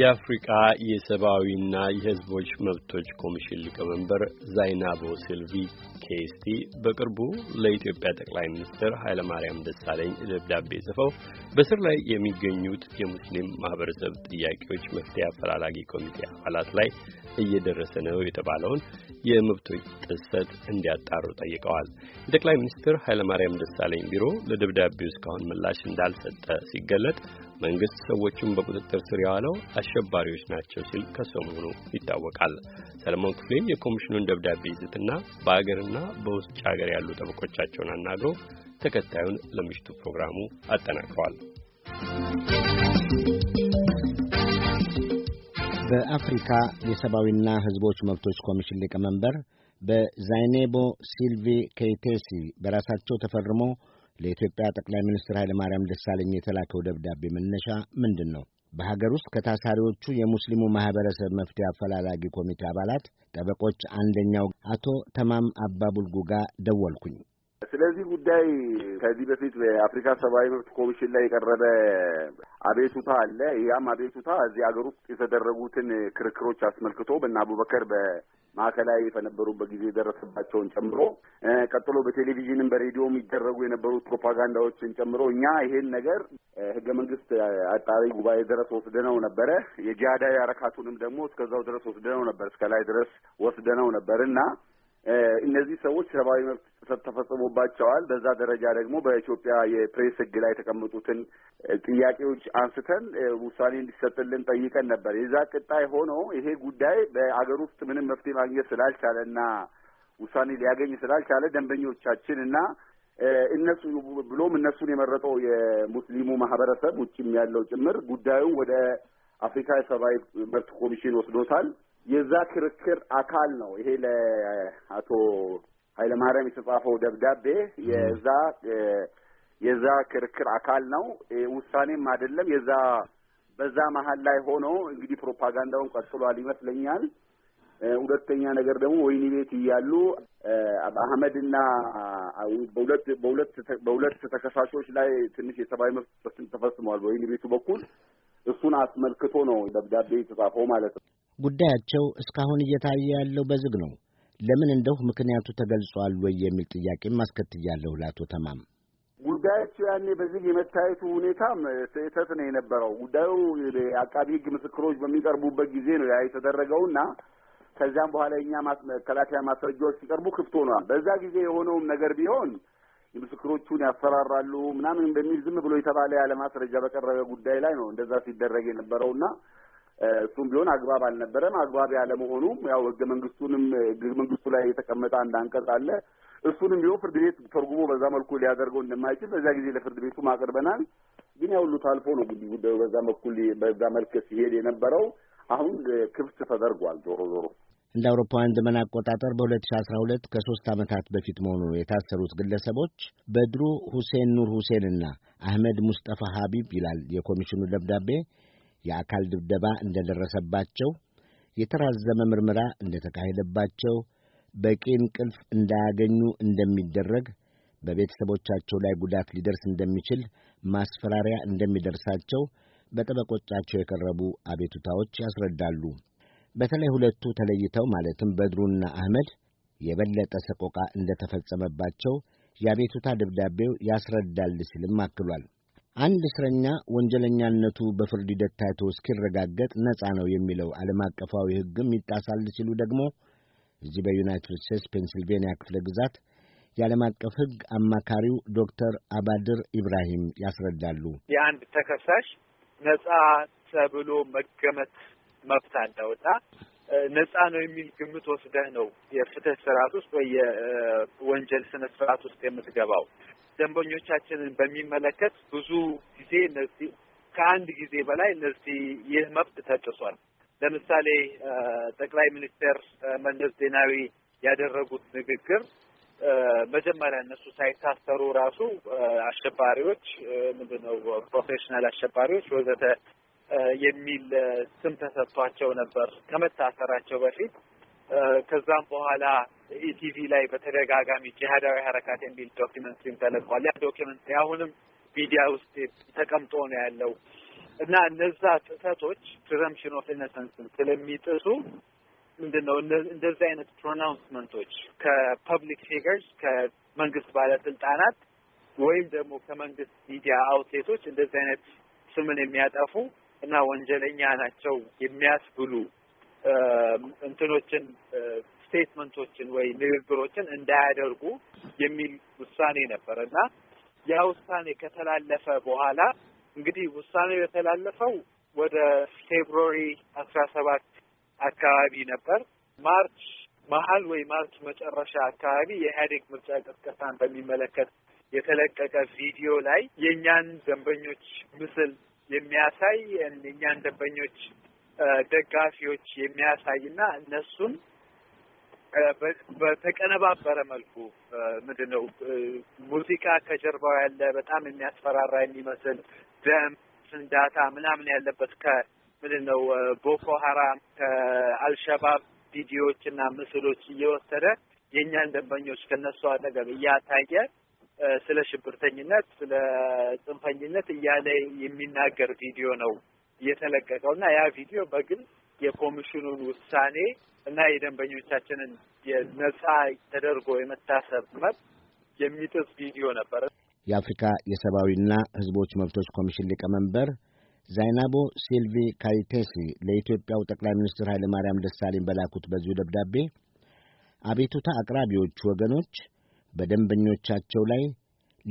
የአፍሪቃ የሰብአዊና የሕዝቦች መብቶች ኮሚሽን ሊቀመንበር ዛይናቦ ሲልቪ ኬስቲ በቅርቡ ለኢትዮጵያ ጠቅላይ ሚኒስትር ኃይለማርያም ደሳለኝ ደብዳቤ ጽፈው በስር ላይ የሚገኙት የሙስሊም ማህበረሰብ ጥያቄዎች መፍትሄ አፈላላጊ ኮሚቴ አባላት ላይ እየደረሰ ነው የተባለውን የመብቶች ጥሰት እንዲያጣሩ ጠይቀዋል። የጠቅላይ ሚኒስትር ኃይለማርያም ደሳለኝ ቢሮ ለደብዳቤው እስካሁን ምላሽ እንዳልሰጠ ሲገለጥ መንግስት ሰዎቹን በቁጥጥር ስር ያዋለው አሸባሪዎች ናቸው ሲል ከሰሞኑ ይታወቃል። ሰለሞን ክፍሌም የኮሚሽኑን ደብዳቤ ይዘትና በአገርና በውስጭ አገር ያሉ ጠበቆቻቸውን አናግረው ተከታዩን ለምሽቱ ፕሮግራሙ አጠናቅረዋል። በአፍሪካ የሰብአዊና ሕዝቦች መብቶች ኮሚሽን ሊቀመንበር በዛይኔቦ ሲልቪ ኬይቴሲ በራሳቸው ተፈርሞ ለኢትዮጵያ ጠቅላይ ሚኒስትር ኃይለማርያም ደሳለኝ የተላከው ደብዳቤ መነሻ ምንድን ነው? በሀገር ውስጥ ከታሳሪዎቹ የሙስሊሙ ማህበረሰብ መፍትሄ አፈላላጊ ኮሚቴ አባላት ጠበቆች አንደኛው አቶ ተማም አባቡልጉ ጋር ደወልኩኝ። ስለዚህ ጉዳይ ከዚህ በፊት በአፍሪካ ሰብአዊ መብት ኮሚሽን ላይ የቀረበ አቤቱታ አለ። ያም አቤቱታ እዚህ ሀገር ውስጥ የተደረጉትን ክርክሮች አስመልክቶ በእነ አቡበከር ማዕከላዊ በነበሩበት ጊዜ የደረሰባቸውን ጨምሮ ቀጥሎ በቴሌቪዥንም በሬዲዮም ይደረጉ የነበሩት ፕሮፓጋንዳዎችን ጨምሮ እኛ ይሄን ነገር ህገ መንግስት አጣሪ ጉባኤ ድረስ ወስደነው ነበረ። የጂሃዳዊ አረካቱንም ደግሞ እስከዛው ድረስ ወስደነው ነበር፣ እስከላይ ድረስ ወስደነው ነበር እና እነዚህ ሰዎች ሰብአዊ መብት ጥሰት ተፈጽሞባቸዋል። በዛ ደረጃ ደግሞ በኢትዮጵያ የፕሬስ ሕግ ላይ የተቀመጡትን ጥያቄዎች አንስተን ውሳኔ እንዲሰጥልን ጠይቀን ነበር። የዛ ቅጣይ ሆኖ ይሄ ጉዳይ በአገር ውስጥ ምንም መፍትሄ ማግኘት ስላልቻለ እና ውሳኔ ሊያገኝ ስላልቻለ ደንበኞቻችን እና እነሱ ብሎም እነሱን የመረጠው የሙስሊሙ ማህበረሰብ ውጭም ያለው ጭምር ጉዳዩ ወደ አፍሪካ የሰብአዊ መብት ኮሚሽን ወስዶታል። የዛ ክርክር አካል ነው ይሄ ለአቶ ኃይለማርያም የተጻፈው ደብዳቤ የዛ የዛ ክርክር አካል ነው። ውሳኔም አይደለም። የዛ በዛ መሀል ላይ ሆኖ እንግዲህ ፕሮፓጋንዳውን ቀጥሏል ይመስለኛል። ሁለተኛ ነገር ደግሞ ወይኒ ቤት እያሉ አህመድና በሁለት በሁለት በሁለት ተከሳሾች ላይ ትንሽ የሰብአዊ መብት ጥሰት በወይኒ ቤቱ በኩል እሱን አስመልክቶ ነው ደብዳቤ የተጻፈው ማለት ነው። ጉዳያቸው እስካሁን እየታየ ያለው በዝግ ነው። ለምን እንደው ምክንያቱ ተገልጿል ወይ የሚል ጥያቄም አስከትያለሁ ለአቶ ተማም። ጉዳያቸው ያኔ በዚህ የመታየቱ ሁኔታም ስህተት ነው የነበረው። ጉዳዩ አቃቢ ሕግ ምስክሮች በሚቀርቡበት ጊዜ ነው ያ የተደረገውና ከዚያም በኋላ የእኛ መከላከያ ማስረጃዎች ሲቀርቡ ክፍት ሆኗል። በዛ ጊዜ የሆነውም ነገር ቢሆን ምስክሮቹን ያፈራራሉ ምናምን በሚል ዝም ብሎ የተባለ ያለ ማስረጃ በቀረበ ጉዳይ ላይ ነው እንደዛ ሲደረግ የነበረውና እሱም ቢሆን አግባብ አልነበረም። አግባብ ያለመሆኑም ያው ህገ መንግስቱንም ህገ መንግስቱ ላይ የተቀመጠ አንድ አንቀጽ አለ። እሱንም ቢሆን ፍርድ ቤት ተርጉሞ በዛ መልኩ ሊያደርገው እንደማይችል በዚያ ጊዜ ለፍርድ ቤቱም አቅርበናል። ግን ያው ሁሉ ታልፎ ነው ጉዳዩ በዛ በኩል በዛ መልክ ሲሄድ የነበረው አሁን ክፍት ተደርጓል። ዞሮ ዞሮ እንደ አውሮፓውያን ዘመን አቆጣጠር አስራ 2012 ከሶስት ዓመታት በፊት መሆኑ የታሰሩት ግለሰቦች በድሩ ሁሴን ኑር ሁሴንና አህመድ ሙስጠፋ ሀቢብ ይላል የኮሚሽኑ ደብዳቤ የአካል ድብደባ እንደደረሰባቸው፣ የተራዘመ ምርመራ እንደተካሄደባቸው፣ በቂ እንቅልፍ እንዳያገኙ እንደሚደረግ፣ በቤተሰቦቻቸው ላይ ጉዳት ሊደርስ እንደሚችል ማስፈራሪያ እንደሚደርሳቸው በጠበቆቻቸው የቀረቡ አቤቱታዎች ያስረዳሉ። በተለይ ሁለቱ ተለይተው ማለትም በድሩና አህመድ የበለጠ ሰቆቃ እንደተፈጸመባቸው የአቤቱታ ደብዳቤው ያስረዳል ሲልም አክሏል። አንድ እስረኛ ወንጀለኛነቱ በፍርድ ሂደት ታይቶ እስኪረጋገጥ ነፃ ነው የሚለው ዓለም አቀፋዊ ሕግም ይጣሳል ሲሉ ደግሞ እዚህ በዩናይትድ ስቴትስ ፔንስልቬንያ ክፍለ ግዛት የዓለም አቀፍ ሕግ አማካሪው ዶክተር አባድር ኢብራሂም ያስረዳሉ። የአንድ ተከሳሽ ነፃ ተብሎ መገመት መብት አለውና እና ነፃ ነው የሚል ግምት ወስደህ ነው የፍትህ ስርዓት ውስጥ ወይ የወንጀል ስነ ስርዓት ውስጥ የምትገባው። ደንበኞቻችንን በሚመለከት ብዙ ጊዜ እነዚህ ከአንድ ጊዜ በላይ እነዚህ ይህ መብት ተጥሷል። ለምሳሌ ጠቅላይ ሚኒስትር መለስ ዜናዊ ያደረጉት ንግግር መጀመሪያ እነሱ ሳይታሰሩ ራሱ አሸባሪዎች ምንድን ነው ፕሮፌሽናል አሸባሪዎች ወዘተ የሚል ስም ተሰጥቷቸው ነበር ከመታሰራቸው በፊት ከዛም በኋላ ኢቲቪ ላይ በተደጋጋሚ ጂሃዳዊ ሀረካት የሚል ዶኪመንትሪም ተለቋል። ያ ዶኪመንትሪ አሁንም ሚዲያ ውስጥ ተቀምጦ ነው ያለው እና እነዛ ጥሰቶች ፕሪዘምፕሽን ኦፍ ኢነሰንስን ስለሚጥሱ ምንድን ነው እንደዚህ አይነት ፕሮናውንስመንቶች ከፐብሊክ ፊገርስ ከመንግስት ባለስልጣናት ወይም ደግሞ ከመንግስት ሚዲያ አውትሌቶች እንደዚህ አይነት ስምን የሚያጠፉ እና ወንጀለኛ ናቸው የሚያስብሉ እንትኖችን ስቴትመንቶችን ወይ ንግግሮችን እንዳያደርጉ የሚል ውሳኔ ነበር እና ያ ውሳኔ ከተላለፈ በኋላ እንግዲህ ውሳኔው የተላለፈው ወደ ፌብሩዋሪ አስራ ሰባት አካባቢ ነበር። ማርች መሀል ወይ ማርች መጨረሻ አካባቢ የኢህአዴግ ምርጫ ቅስቀሳን በሚመለከት የተለቀቀ ቪዲዮ ላይ የእኛን ደንበኞች ምስል የሚያሳይ የእኛን ደንበኞች ደጋፊዎች የሚያሳይና እነሱን በተቀነባበረ መልኩ ምንድን ነው ሙዚቃ ከጀርባው ያለ በጣም የሚያስፈራራ የሚመስል ደም፣ ፍንዳታ ምናምን ያለበት ከምንድን ነው ቦኮ ሀራም ከአልሸባብ ቪዲዮዎች እና ምስሎች እየወሰደ የእኛን ደንበኞች ከነሱ አጠገብ እያታየ ስለ ሽብርተኝነት፣ ስለ ጽንፈኝነት እያለ የሚናገር ቪዲዮ ነው የተለቀቀው እና ያ ቪዲዮ በግልጽ የኮሚሽኑን ውሳኔ እና የደንበኞቻችንን የነጻ ተደርጎ የመታሰብ መብት የሚጥስ ቪዲዮ ነበረ። የአፍሪካ የሰብአዊና ሕዝቦች መብቶች ኮሚሽን ሊቀመንበር ዛይናቦ ሲልቪ ካይቴሲ ለኢትዮጵያው ጠቅላይ ሚኒስትር ኃይለ ማርያም ደሳለኝ በላኩት በዚሁ ደብዳቤ አቤቱታ አቅራቢዎቹ ወገኖች በደንበኞቻቸው ላይ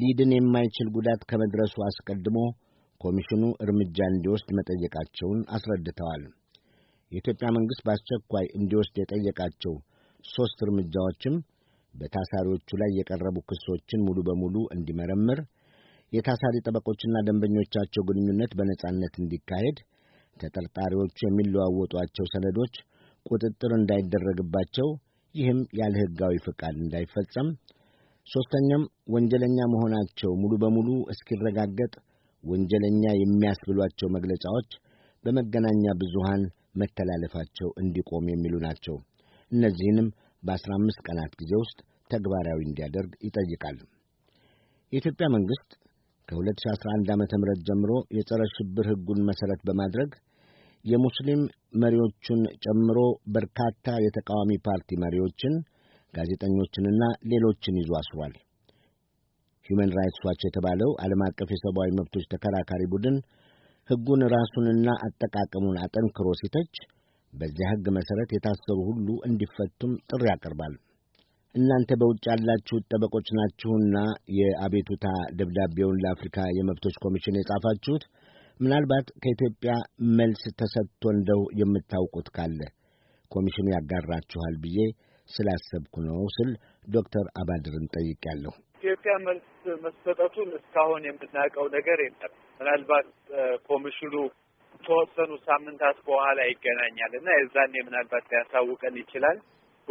ሊድን የማይችል ጉዳት ከመድረሱ አስቀድሞ ኮሚሽኑ እርምጃ እንዲወስድ መጠየቃቸውን አስረድተዋል። የኢትዮጵያ መንግሥት በአስቸኳይ እንዲወስድ የጠየቃቸው ሦስት እርምጃዎችም በታሳሪዎቹ ላይ የቀረቡ ክሶችን ሙሉ በሙሉ እንዲመረምር፣ የታሳሪ ጠበቆችና ደንበኞቻቸው ግንኙነት በነጻነት እንዲካሄድ፣ ተጠርጣሪዎቹ የሚለዋወጧቸው ሰነዶች ቁጥጥር እንዳይደረግባቸው፣ ይህም ያለ ሕጋዊ ፍቃድ እንዳይፈጸም፣ ሦስተኛም ወንጀለኛ መሆናቸው ሙሉ በሙሉ እስኪረጋገጥ ወንጀለኛ የሚያስብሏቸው መግለጫዎች በመገናኛ ብዙሃን መተላለፋቸው እንዲቆም የሚሉ ናቸው። እነዚህንም በአስራ አምስት ቀናት ጊዜ ውስጥ ተግባራዊ እንዲያደርግ ይጠይቃል። የኢትዮጵያ መንግሥት ከ2011 ዓ ም ጀምሮ የጸረ ሽብር ሕጉን መሠረት በማድረግ የሙስሊም መሪዎቹን ጨምሮ በርካታ የተቃዋሚ ፓርቲ መሪዎችን፣ ጋዜጠኞችንና ሌሎችን ይዞ አስሯል። ሂውማን ራይትስ ዋች የተባለው ዓለም አቀፍ የሰብአዊ መብቶች ተከራካሪ ቡድን ሕጉን ራሱንና አጠቃቀሙን አጠንክሮ ሲተች በዚያ ሕግ መሠረት የታሰሩ ሁሉ እንዲፈቱም ጥሪ ያቀርባል። እናንተ በውጭ ያላችሁት ጠበቆች ናችሁና የአቤቱታ ደብዳቤውን ለአፍሪካ የመብቶች ኮሚሽን የጻፋችሁት ምናልባት ከኢትዮጵያ መልስ ተሰጥቶ እንደው የምታውቁት ካለ ኮሚሽኑ ያጋራችኋል ብዬ ስላሰብኩ ነው ስል ዶክተር አባድርን ጠይቄያለሁ። ማጥፊያ መልስ መሰጠቱን እስካሁን የምናውቀው ነገር የለም። ምናልባት ኮሚሽኑ ተወሰኑ ሳምንታት በኋላ ይገናኛል እና የዛኔ ምናልባት ሊያሳውቀን ይችላል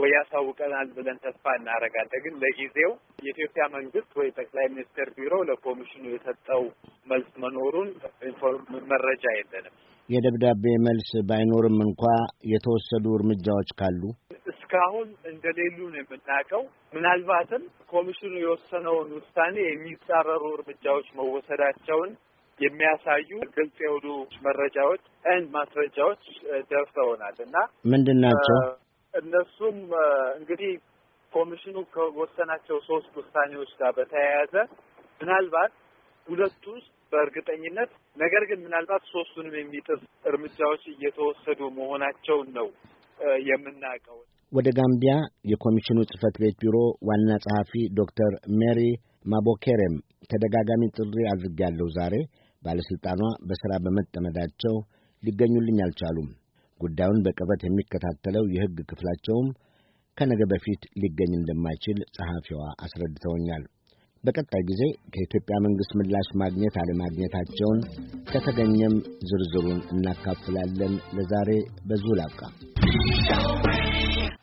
ወይ ያሳውቀናል ብለን ተስፋ እናደርጋለን። ግን ለጊዜው የኢትዮጵያ መንግስት ወይ ጠቅላይ ሚኒስትር ቢሮ ለኮሚሽኑ የሰጠው መልስ መኖሩን መረጃ የለንም። የደብዳቤ መልስ ባይኖርም እንኳ የተወሰዱ እርምጃዎች ካሉ እስካሁን እንደሌሉ ነው የምናውቀው። ምናልባትም ኮሚሽኑ የወሰነውን ውሳኔ የሚጻረሩ እርምጃዎች መወሰዳቸውን የሚያሳዩ ግልጽ የሆኑ መረጃዎች እንድ ማስረጃዎች ደርሰውናል እና ምንድን ናቸው እነሱም እንግዲህ ኮሚሽኑ ከወሰናቸው ሶስት ውሳኔዎች ጋር በተያያዘ ምናልባት ሁለቱ ውስጥ በእርግጠኝነት ነገር ግን ምናልባት ሶስቱንም የሚጥስ እርምጃዎች እየተወሰዱ መሆናቸውን ነው የምናውቀው። ወደ ጋምቢያ የኮሚሽኑ ጽህፈት ቤት ቢሮ ዋና ጸሐፊ ዶክተር ሜሪ ማቦኬሬም ተደጋጋሚ ጥሪ አድርጌያለሁ። ዛሬ ባለሥልጣኗ በሥራ በመጠመዳቸው ሊገኙልኝ አልቻሉም። ጉዳዩን በቅርበት የሚከታተለው የሕግ ክፍላቸውም ከነገ በፊት ሊገኝ እንደማይችል ጸሐፊዋ አስረድተውኛል። በቀጣይ ጊዜ ከኢትዮጵያ መንግሥት ምላሽ ማግኘት አለማግኘታቸውን ከተገኘም ዝርዝሩን እናካፍላለን። ለዛሬ በዙ ላብቃ።